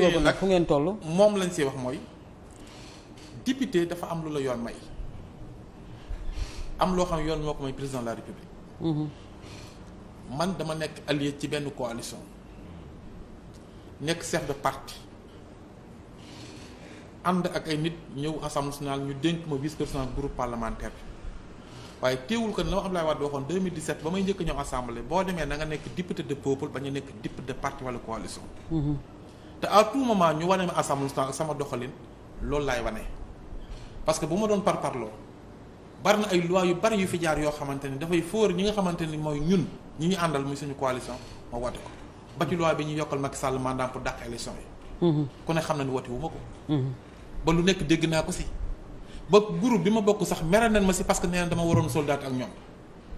déggoo nag fu ngeen toll moom lañ siy wax mooy député dafa am lu la yoon may am loo xam yoon moo ko may président de la république mhm. man dama nekk allié ci benn coalition nekk chef de parti ànd ak ay nit ñëw assemblée nationale ñu dénk ma vice président groupe parlementaire bi waaye teewul ko ne la ma Abdoulaye Wade waxoon ba may njëkk ñëw assemblée boo demee na nga nekk député de peuple ba ñu nekk député de parti wala coalition mhm. te à tout moment ñu wane ma assemblée nationale sama doxalin loolu laay wane parce que bu ma doon par parloo bari na ay loi yu bari yu fi jaar yoo xamante ni dafay fóor ñi nga xamante ni mooy ñun ñi ñu àndal muy suñu coalition ma woote ko ba ci loi bi ñu yokkal Macky Sall mandat pour dàq élection yi. Mhm. ku ne xam na ni woote wu ma ko. Mhm. ba lu nekk dégg naa ko si. ba groupe bi ma bokk sax mere nañ ma si parce que nee dama waroon soldat ak ñoom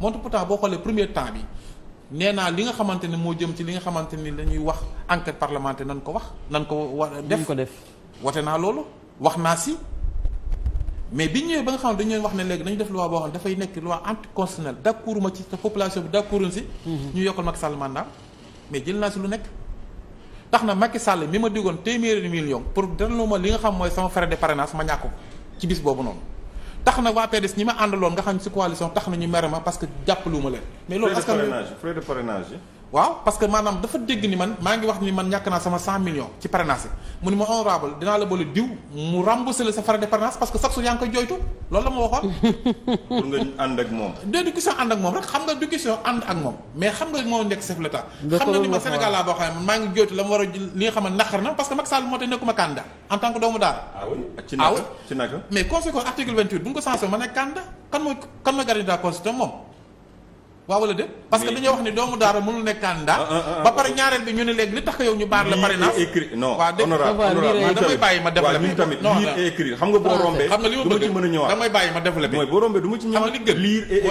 moom pourtant boo xoolee premier bi nee naa li nga xamante ne moo jëm ci li nga xamante ni lañuy wax enquête parlementaire nan ko wax nan ko wa def ko def wote naa loolu wax naa si mais bi ñëwee ba nga xam ne dañu wax ne léegi dañu def loi boo xam ne dafay nekk loi anticonstitutionnelle d'accord ma ci te population bi d'accord si mhm. ñu yokkal Macky Sall mandat mais jël naa si lu nekk tax na Macky Sall mi ma digoon téeméeri million pour delloo ma li nga xam mooy sama frais de parrainage ma ñàkk ko ci bis boobu noonu tax na waa PDS ñi ma àndaloon nga xam si coalition tax na ñu mere ma parce que jàppaluma leen. mais loolu askan frais de parrainage waaw parce maanaam dafa dégg ni man maa ngi wax ni man ñàkk naa sama 100 millions ci parrainage mu ne ma honorable dinaa la boole diw mu remboursé la sa frais de parrainage parce que chaque jour yaa ngi koy jooytu loolu la ma waxoon. pour nga ànd ak moom. déedéet du question ànd ak moom mais xam nga moo nekk chef xam nga ni ma Sénégal laa boo xam ne maa ngi jooytu la ma war a li nga xam ne naqar na parce que Macky Sall moo tax nekkuma candidat en tant que doomu daara. ah oui ah ci naka mais conséquence article 28 bu ñu ko sensé ma nekk candidat kan mooy kan mooy moom waaw wala déet parce que dañoo wax ni doomu daara mënul nekk candidat ah, ah, ah, ba pare ñaareel bi ñu ne léegi li tax yow ñu baar la parrainage écrit non honorable tamit lire et écrire xam nga boo rombee xam nga li ma bëgg a ñëwaat damay bàyyi ma développé mooy boo rombee du ma ci ñëwaat xam nga li gën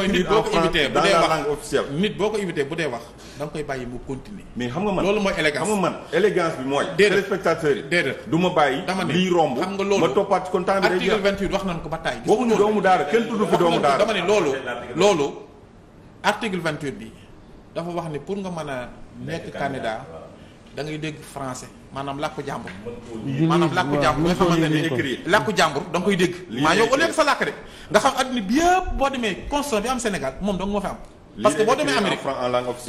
mooy doomu daara kenn tuddu fi doomu daara dama ne loolu loolu article vingt huit bi dafa wax ni pour nga mën a nekk candidat da ngay dégg français maanaam làkku jàmbur maanaam làkku jàmbur nga xamante ne écrit làkku jàmbur da nga koy dégg maa yow au lieu que sa làkk de nga xam adduna bi yëpp boo demee constat bi am Sénégal moom da nga moo fi am parce que boo demee Amérique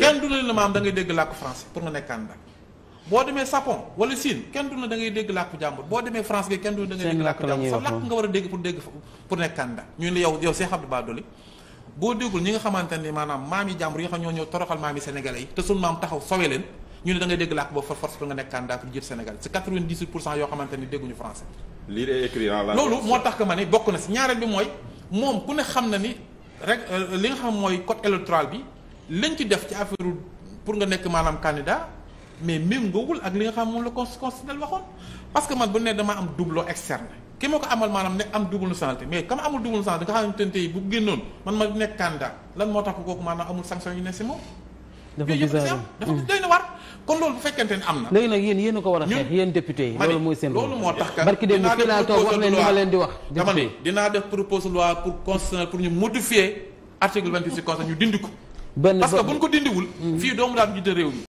kenn du la dégg làkku français pour nga nekk candidat boo demee Japon wala Chine kenn du la da ngay dégg làkku jàmbur boo demee France bi kenn du la da ngay dégg làkku jàmbur sa làkk nga war a dégg pour dégg pour nekk candidat ñun la yow yow Cheikh boo déggul ñi nga xamante ni maanaam maam yi jàmbur yi xam ñoo ñëw toroxal maam yi sénégalais yi te suñu maam taxaw sowe leen ñu ne da dégg làkk boobu for force nga nekk candidat pour jiit Sénégal moo tax que ne bokk na mooy moom ku ne xam na ni rek euh, li nga xam mooy code électoral bi lañ ci def ci affaire pour nga nekk maanaam candidat mais ngoogul ak li nga xam moom la constitutionnel waxoon parce que man bu ne damaa am doublon externe. ki ma ko amal maanaam nekk am double nationalité mais comme amul double nationalité nga xamante ne tey bu génnoon man ma nekk candidat lan moo tax kooku maanaam amul sanction yu ne si moom. dafa bizarre dafa mm. doy na war kon loolu bu fekkente ne am na. léegi nag yéen yéen a ko war a xeex yéen député yi. loolu mooy seen loolu moo tax. barki dem fii wax leen li ma leen di wax. dindi ko. benn parce que bu ñu ko dindiwul. Mm. fii doomu daal réew mi.